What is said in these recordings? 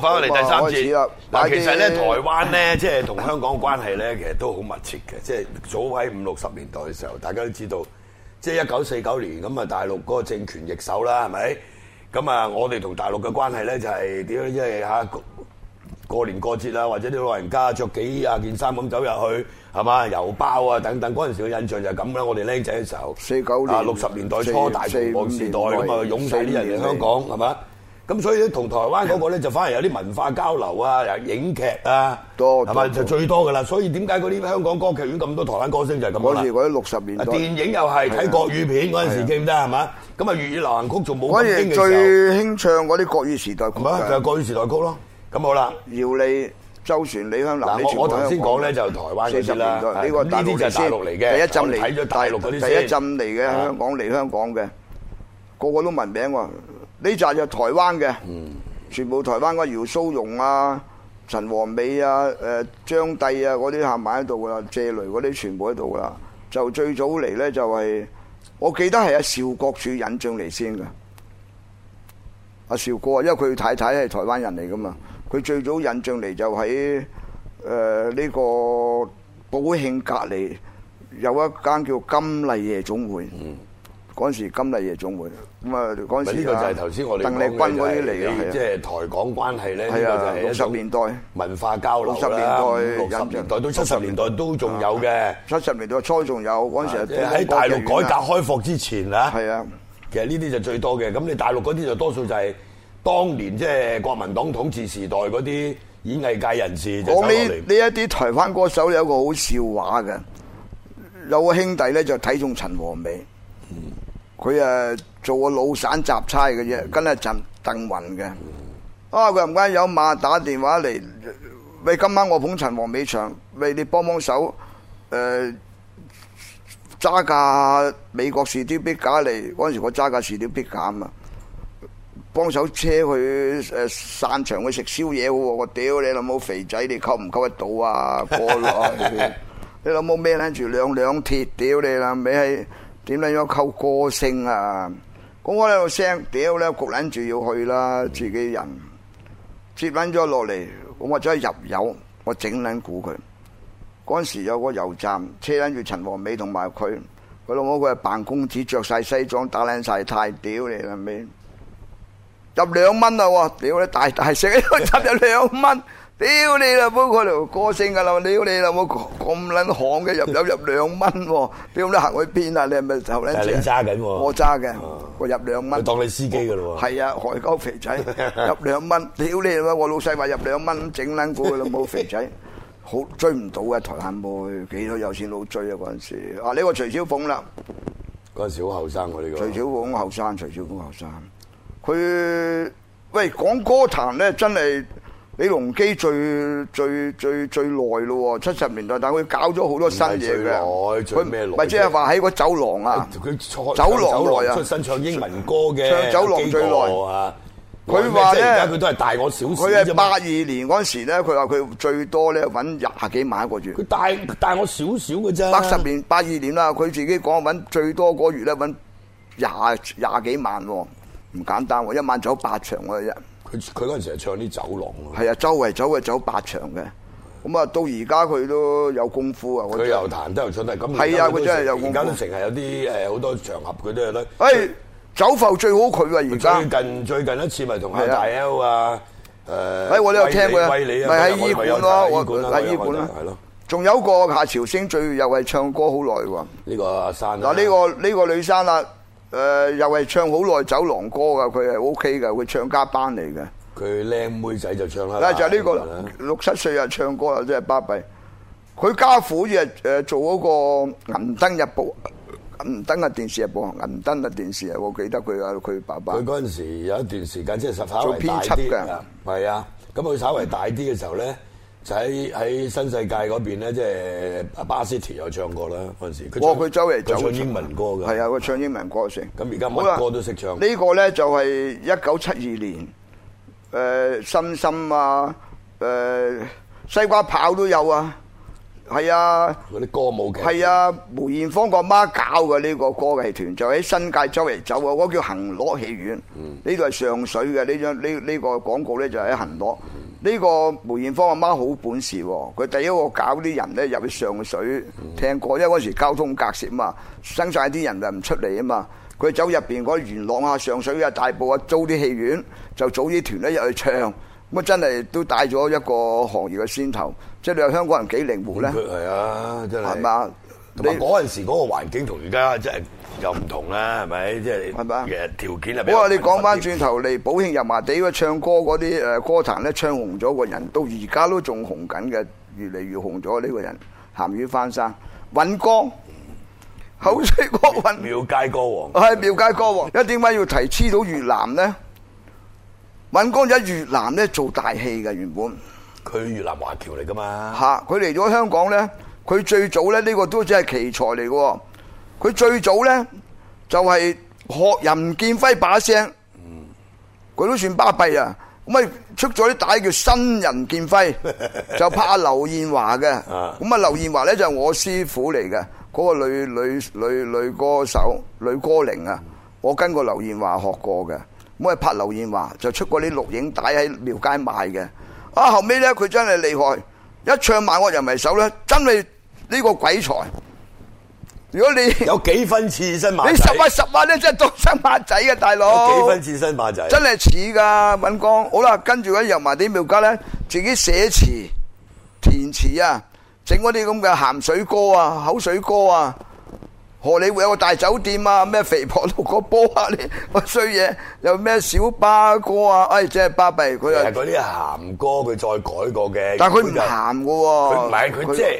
翻返嚟第三節嗱，其實咧台灣咧，即係同香港嘅關係咧，其實都好密切嘅。即係早喺五六十年代嘅時候，大家都知道，即係一九四九年咁啊，大陸嗰個政權易手啦，係咪？咁啊，我哋同大陸嘅關係咧就係點樣咧？因為嚇過年過節啊，或者啲老人家著幾廿件衫咁走入去係嘛，郵包啊等等。嗰陣時嘅印象就係咁啦。我哋僆仔嘅時候，四九年啊，六十年代初大逃亡時代咁啊，湧曬啲人嚟香港係嘛。咁所以咧，同台灣嗰個咧，就反而有啲文化交流啊，有影劇啊，多，係咪就最多噶啦？所以點解嗰啲香港歌劇院咁多台灣歌星就係咁啦？嗰時嗰啲六十年代，電影又係睇國語片嗰陣時，記唔記得係嘛？咁啊粵語流行曲仲冇。嗰時最興唱嗰啲國語時代曲，咪就係國語時代曲咯。咁好啦，姚莉、周璇、李香蘭，我我頭先講咧就台灣嗰啲啦。咁呢啲就大陸嚟嘅，第一陣嚟睇咗大陸嗰啲，第一陣嚟嘅香港嚟香港嘅，個個都聞名喎。呢扎就台灣嘅，全部台灣嗰個姚蘇蓉啊、陳王美啊、誒張帝啊嗰啲行埋喺度噶啦，謝雷嗰啲全部喺度噶啦。就最早嚟咧、就係，就係我記得係阿邵國柱引進嚟先噶。阿邵國啊，因為佢太太係台灣人嚟噶嘛，佢最早引進嚟就喺誒呢個寶慶隔離有一間叫金麗夜總會。嗯。嗰陣時金麗夜總會，咁啊頭先我哋鄧麗君嗰啲嚟嘅，即係台港關係咧，呢的個就係六十年代文化交流，六十年代，六十年代到七十年代都仲有嘅。七十年代初仲有嗰陣的時。你喺大陸改革開放之前啊，的其實呢啲就最多嘅。咁你大陸嗰啲就多數就係當年即係、就是、國民黨統治時代嗰啲演藝界人士走過嚟呢一啲台灣歌手，有個好笑話嘅，有個兄弟咧就睇中陳和美。嗯佢啊做個老散雜差嘅啫，跟阿陳鄧雲嘅。啊佢唔間有馬打電話嚟，喂，今晚我捧陳黃美祥，喂你幫幫手，誒揸架美國士多啤梨嚟。」嗰時我揸架士多啤梨啊，幫手車去誒散場去食宵夜喎，我屌你老母肥仔，你溝唔溝得到啊？你老母咩？拎住兩兩鐵屌你啦，未？點捻咗靠個性啊！講開呢個聲，屌咧焗捻住要去啦，自己人接捻咗落嚟，我真係入油，我整捻估佢。嗰時有個油站，車捻住陳和美同埋佢，佢老母佢係扮公子，着晒西裝，打捻晒，太屌你係咪？入兩蚊啊喎，屌你大大食一站入兩蚊。 屌你啦，冇嗰條歌星噶啦，屌你啦，冇咁撚行嘅入入入兩蚊，屌你行去邊啊？你係咪頭咧？揸緊，我揸嘅，我入兩蚊，當你司機噶咯喎。係啊，台高肥仔入兩蚊，屌你啊！我老細話入兩蚊整撚過佢啦，冇肥仔好追唔到嘅台下妹，幾多有錢佬追啊嗰陣時。啊，你話徐小鳳啦，嗰陣時好後生嘅呢個。徐小鳳後生，徐小鳳後生，佢喂講歌壇咧真係。李龍基最最最最耐咯，七十年代，但佢搞咗好多新嘢嘅。佢咩耐？唔係即係話喺個酒廊啊，酒廊耐啊！出身唱英文歌嘅，唱酒廊最耐啊！佢話咧，佢都係大我少少。佢係八二年嗰時咧，佢話佢最多咧揾廿幾萬一個月。佢大大我少少嘅啫。八十年八二年啦，佢自己講揾最多嗰月咧揾廿廿幾萬喎，唔簡單喎，一晚走八場我哋啫。佢嗰陣時係唱啲走廊咯，係啊，周圍走啊走八場嘅，咁啊到而家佢都有功夫啊，佢又彈得有唱得，咁係啊，佢真係而家都成日有啲好多場合，佢都係得。誒，走浮最好佢啊！而家最近最近一次咪同阿大 L 啊誒，喺我呢度聽嘅，咪喺醫院咯，喺醫院咯，仲有個夏韶聲，最又係唱歌好耐喎。呢個阿生嗱，呢個呢個女生啊。誒、呃、又係唱好耐走廊歌噶，佢係 OK 噶，佢唱家班嚟嘅。佢靚妹仔就唱啦。嗱，就係呢個六七歲又唱歌啊，真係巴閉。佢家父誒做嗰個銀燈日報，銀燈嘅電視日報，銀燈嘅電視啊，我記得佢阿佢爸爸。佢嗰陣時有一段時間即係做編輯嘅，係啊，咁佢稍微大啲嘅時候咧。嗯喺喺新世界嗰邊咧，即、就、係、是、巴斯蒂又唱過啦嗰陣時。佢、哦、周圍就唱，唱英文歌嘅，係啊，佢唱英文歌成咁而家乜歌都識唱。呢、這個咧就係一九七二年，誒、呃《新深深》啊，誒、呃《西瓜跑》都有啊。係啊。嗰啲歌舞嘅。係啊，梅艷芳個媽，媽教嘅呢、這個歌劇團就喺、是、新界周圍走啊，嗰、那個、叫恒樂戲院。呢度係上水嘅呢張呢呢個廣告咧就喺恒樂。呢個梅艷芳阿媽好本事喎！佢第一個搞啲人咧入去上水聽過，因為嗰時交通隔涉嘛，生曬啲人就唔出嚟啊嘛。佢走入面嗰啲元朗啊、上水啊、大埔啊，租啲戲院就組啲團咧入去唱。咁啊真係都帶咗一個行業嘅先頭，即係你話香港人幾靈活咧？係啊，真係。係嘛？嗰陣時嗰個環境同而家真係又唔同啦，係咪？即係吧其實條件係比，好你講翻轉頭嚟，保慶油麻地唱歌嗰啲誒歌壇咧，唱紅咗個人，到而家都仲紅緊嘅，越嚟越紅咗呢個人。鹹魚翻身，尹光，妙口水歌，尹廟街歌王，係廟街歌王。一點解要提黐到越南咧？尹光就喺越南咧做大戲嘅原本，佢越南華僑嚟噶嘛？嚇！佢嚟咗香港咧。佢最早咧呢、這個都只係奇才嚟嘅，佢最早咧就係、是、學任劍輝把聲，佢、嗯、都算巴閉啊！咁啊出咗啲帶叫新人劍輝， 就拍阿劉燕華嘅。咁啊劉燕華咧就係我師傅嚟嘅，嗰、那個女女女女歌手女歌伶啊，我跟過劉燕華學過嘅，咁啊拍劉燕華就出過啲錄影帶喺廟街賣嘅。啊後尾咧佢真係厲害，一唱萬惡淫為首咧真係。呢個鬼才，如果你有幾分似新馬仔，你十萬十萬咧，真係當生馬仔嘅大佬。有幾分似新馬仔，真係似噶，尹光，好啦，跟住咧入埋啲廟街咧，自己寫詞、填詞啊，整嗰啲咁嘅鹹水歌啊、口水歌啊。荷里活有個大酒店啊，咩肥婆六個波啊，你個衰嘢，有咩小巴歌啊？唉、哎，即係巴閉佢又。係嗰啲鹹歌，佢再改過嘅。但係佢唔鹹嘅喎。佢唔係，佢即係。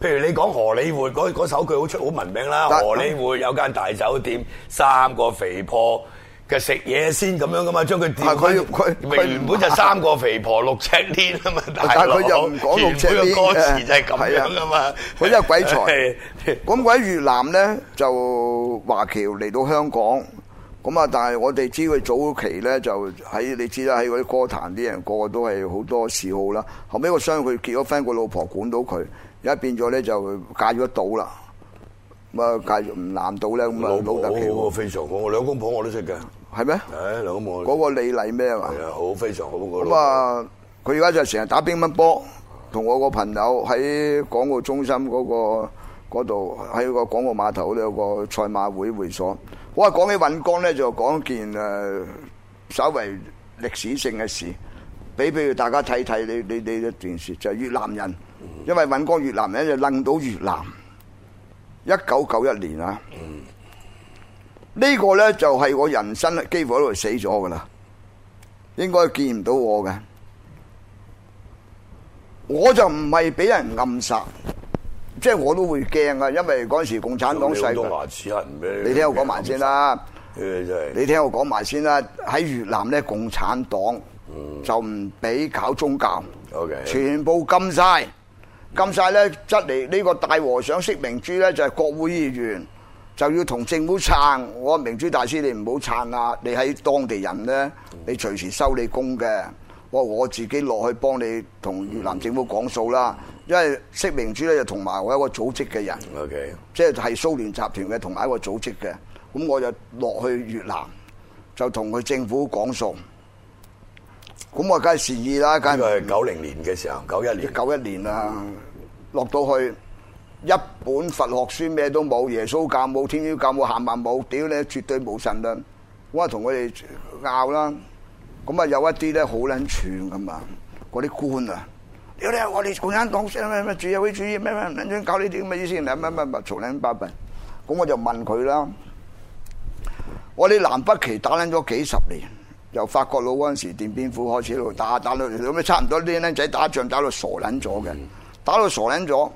譬如你講荷里活嗰首句好出好聞名啦，但荷里活有間大酒店，嗯、三個肥婆嘅食嘢先咁樣噶嘛，將佢調翻。佢佢、嗯、原本就三個肥婆六尺天啊的的嘛，但係佢就唔講六尺天嘅歌詞。係咁樣㗎嘛。佢真係鬼才。咁鬼的越南咧就華僑嚟到香港，咁啊，但係我哋知佢早期咧就喺，你知啦，喺嗰啲歌壇啲人個個都係好多嗜好啦。後尾我相信佢結咗婚，個老婆管到佢。而家變咗咧，就戒咗島啦，咁啊戒唔南島咧，咁啊老得嘅。好，非常好，兩公婆我都識嘅，係咩？誒，兩公婆嗰個李麗咩啊？係啊，好，非常好嗰個。咁啊，佢而家就成日打乒乓波，同我個朋友喺港澳中心嗰個嗰度，喺個港澳碼頭咧有個賽馬會會所。我話講起允江咧，就講一件誒，稍微歷史性嘅事。比，比如大家睇睇你你你嘅電視，就係越南人，因為揾工越南人就楞到越南。一九九一年啊，呢個咧就係我人生咧幾乎喺度死咗噶啦，應該見唔到我嘅。我就唔係俾人暗殺，即係我都會驚啊！因為嗰陣時共產黨細個。你講牙齒痕咩？你聽我講埋先啦。誒，真係。你聽我講埋先啦。喺越南咧，共產黨。就唔俾搞宗教，Okay 全部禁晒，禁晒呢，即嚟呢個大和尚釋明珠呢，就係、是、國會議員，就要同政府撐。我明珠大師你唔好撐啦，你喺當地人呢，你隨時收你工嘅。我我自己落去幫你同越南政府講數啦，因為釋明珠呢，就同埋我一個組織嘅人，Okay 即係係蘇聯集團嘅同埋一個組織嘅。咁我就落去越南就同佢政府講數。咁我梗係善意啦，梗係。係九零年嘅時候，九一年，九一年啦。落到去一本佛學書咩都冇，耶穌教冇，天主教冇，下萬冇，屌你，絕對冇神啦。我話同佢哋拗啦，咁啊有一啲咧好捻串咁啊，嗰啲官啊，屌你，我哋共產黨咩咩主，社會主義咩咩，搞呢啲咁嘅意思，你乜乜乜嘈撚八，咁我就問佢啦，我哋南北旗打捻咗幾十年。由法國佬嗰陣時奠邊府開始喺度打打到，咁樣差唔多啲僆仔打仗打到傻捻咗嘅，打到傻捻咗，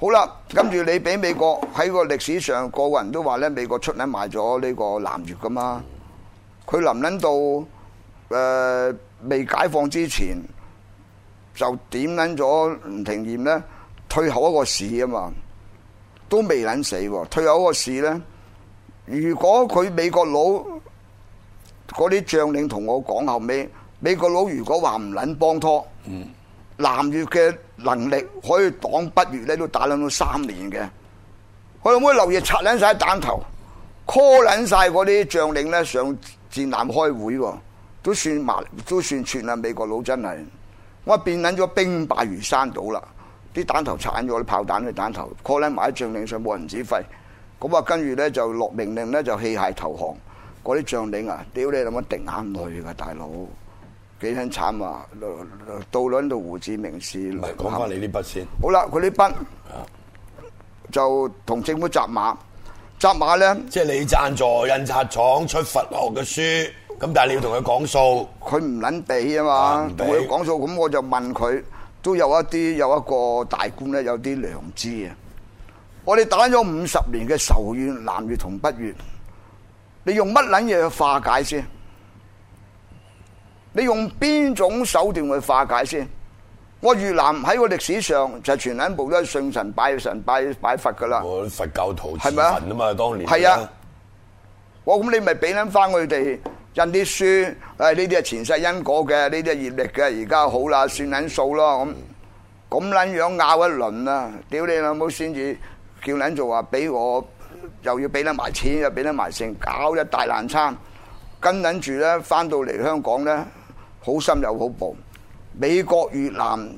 好啦，跟住你俾美國喺個歷史上，個個人都話咧，美國出捻賣咗呢個南越噶嘛，佢臨捻到誒、呃、未解放之前就點捻咗吳廷琰咧退後一個市啊嘛，都未捻死，退後一個市咧，如果佢美國佬。嗰啲將領同我講，後尾美國佬如果話唔撚幫拖，嗯、南越嘅能力可以擋北越咧，都打撚咗三年嘅。我哋會留意拆撚曬彈頭，call 撚曬嗰啲將領咧上戰艦開會，都算麻，都算串啦。美國佬真係，我話變撚咗兵敗如山倒啦！啲彈頭鏟咗啲炮彈啲彈頭，call 撚埋啲將領上冇人指揮，咁啊跟住咧就落命令咧就棄械投降。嗰啲將領啊，屌你老母滴眼淚噶大佬，幾慘啊！到咗喺度，胡志明市唔係講返你呢筆先。好啦，佢呢筆就同政府扎馬，扎馬咧。即係你贊助印刷廠出佛學嘅書，咁、嗯、但係你要同佢講數，佢唔捻俾啊嘛。我、啊、講數，咁我就問佢，都有一啲有一個大官咧，有啲良知啊。我哋打咗五十年嘅仇怨，南越同北越。你用乜捻嘢去化解先？你用邊種手段去化解先？我越南喺個歷史上就全捻部都信神拜神拜拜佛噶啦，我佛教徒是吧，係咪啊？嘛當年係啊，我咁你咪俾捻翻佢哋印啲書，誒呢啲係前世因果嘅，呢啲係業力嘅，而家好啦，算捻數咯咁，咁捻樣拗一輪啦，屌你老母，先至叫捻做話俾我。又要俾得埋錢，又俾得埋性，搞一大難餐，跟緊住咧，翻到嚟香港咧，好心又好報。美國越南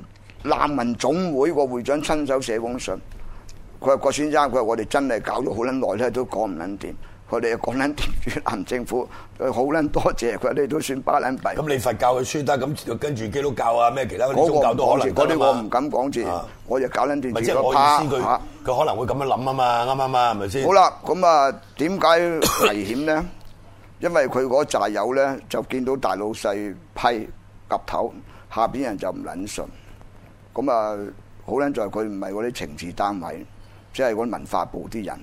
難民總會個會長親手寫封信，佢話郭先生，佢話我哋真係搞咗好撚耐咧，都講唔撚掂。我哋又講緊越南政府，佢好撚多謝，佢哋都算巴撚閉。咁你佛教佢輸得，咁跟住基督教啊咩其他嗰啲宗教都可能。嗰啲我唔敢講住，我就搞撚住自己怕。佢可能會咁樣諗啊嘛，啱唔啱啊？係咪先？好啦，咁啊點解危險咧？因為佢嗰扎友咧就見到大老細批夾頭，下邊人就唔撚順。咁啊，好撚在佢唔係嗰啲政治單位，即係嗰啲文化部啲人。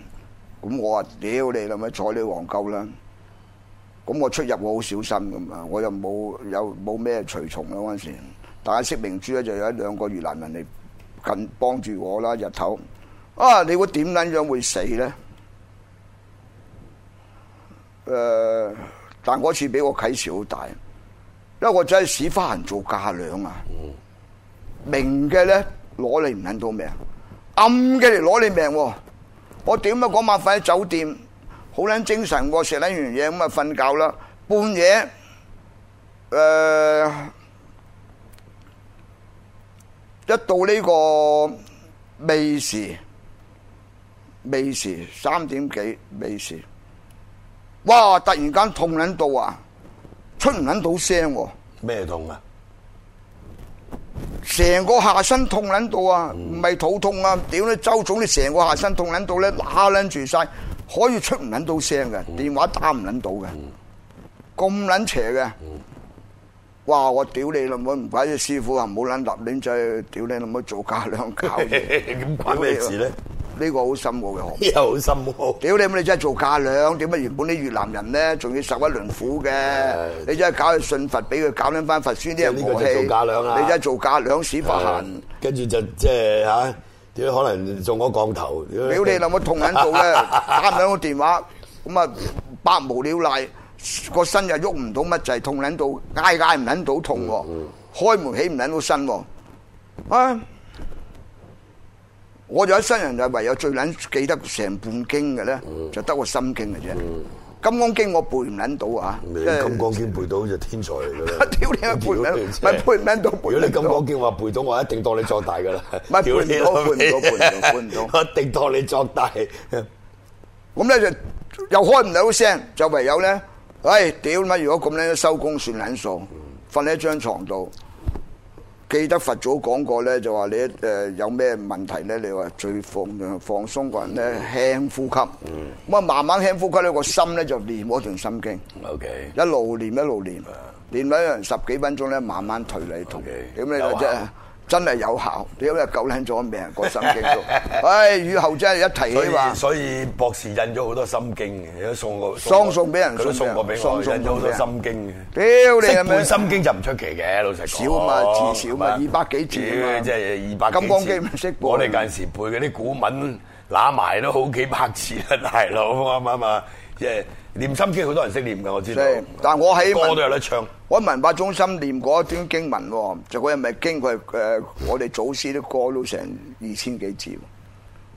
咁我話屌你啦，咪坐你黃鳩啦！咁我出入我好小心，咁我又冇有冇咩隨從啦嗰陣時，大家識明珠咧就有一兩個越南人嚟近幫住我啦，日頭啊，你會點捻樣會死咧？誒、呃，但嗰次俾我啟示好大，因為我真係使花人做嫁娘啊！明嘅咧攞你唔捻到命，暗嘅嚟攞你命喎。我點啊？嗰晚瞓喺酒店，好撚精神喎，食撚完嘢咁啊，瞓覺啦。半夜誒、呃、一到呢、這個未時，未時三點幾未時，哇！突然間痛撚到啊，出唔撚到聲喎。咩痛啊？成個下身痛捻到啊，唔係肚痛啊，屌你周總你成個下身痛捻到咧，乸捻住晒，可以出唔捻到聲嘅，電話打唔捻到嘅，咁捻邪嘅，哇我屌你老母，唔怪之師傅啊唔好捻立亂就，屌你老母做假兩假嘢，關咩事咧？呢個好深喎，又好深喎！屌你咁，你真係做假兩？點解原本啲越南人咧，仲要受一輪苦嘅？你真係搞去信佛，俾佢搞兩翻佛書啲人。呢個真係做假兩啊！你真係做假兩屎忽痕，跟住就即係嚇？點可能中咗降頭？屌你諗乜痛撚到咧？打兩個電話咁啊？百無聊賴個身又喐唔到乜滯，痛撚到嗌嗌唔撚到痛喎，開門起唔撚到身喎，啊！我就喺新人就唯有最撚記得成半經嘅咧，就得個心經嘅啫。金剛經我背唔撚到啊！你金剛經背到就天才嚟㗎啦！屌你啊！背唔到，咪背唔撚到？如果你金剛經話背到，我一定當你作大㗎啦！咪背唔到，背唔到，背唔到，一定當你作大。咁咧就又開唔到聲，就唯有咧，唉，屌你啊！如果咁樣收工算撚數，瞓喺張床度。記得佛祖講過咧，就話你誒有咩問題咧？你話最放放鬆個人咧，輕呼吸。嗯。咁啊，慢慢輕呼吸咧，個心咧就練嗰段心經。O K。一路練一路練，練咗一人十幾分鐘咧，慢慢退離同。真係有效，屌你狗僆咗命，個心經都，唉，以後真係一提起話，所以博士印咗好多心經嘅，都送過，送送俾人，佢都送過俾我，送送咗好多心經嘅。屌你，背心經就唔出奇嘅，老實講。少嘛，至少嘛，二百幾字即係二百金剛經唔識背。我哋近時背嗰啲古文揦埋都好幾百字啦，大佬啱啱。嘛。即係念心經，好多人識念噶，我知道是。但係我希望歌都有得唱。我喺文化中心念過，過，過一段經文，就嗰日咪經過誒，我哋祖師都過到成二千幾字。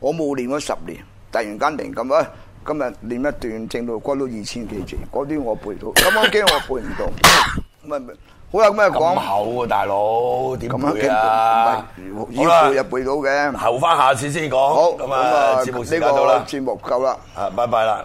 我冇念咗十年，突然間靈咁啊！今日念一段正道，過到二千幾字，嗰啲我背，我背到。咁 樣驚我背唔到，係好有咩講口啊，大佬？點解啊？要背就背到嘅，後翻下次先講。好咁啊，就節目時間到啦，節目夠啦，啊，拜拜啦。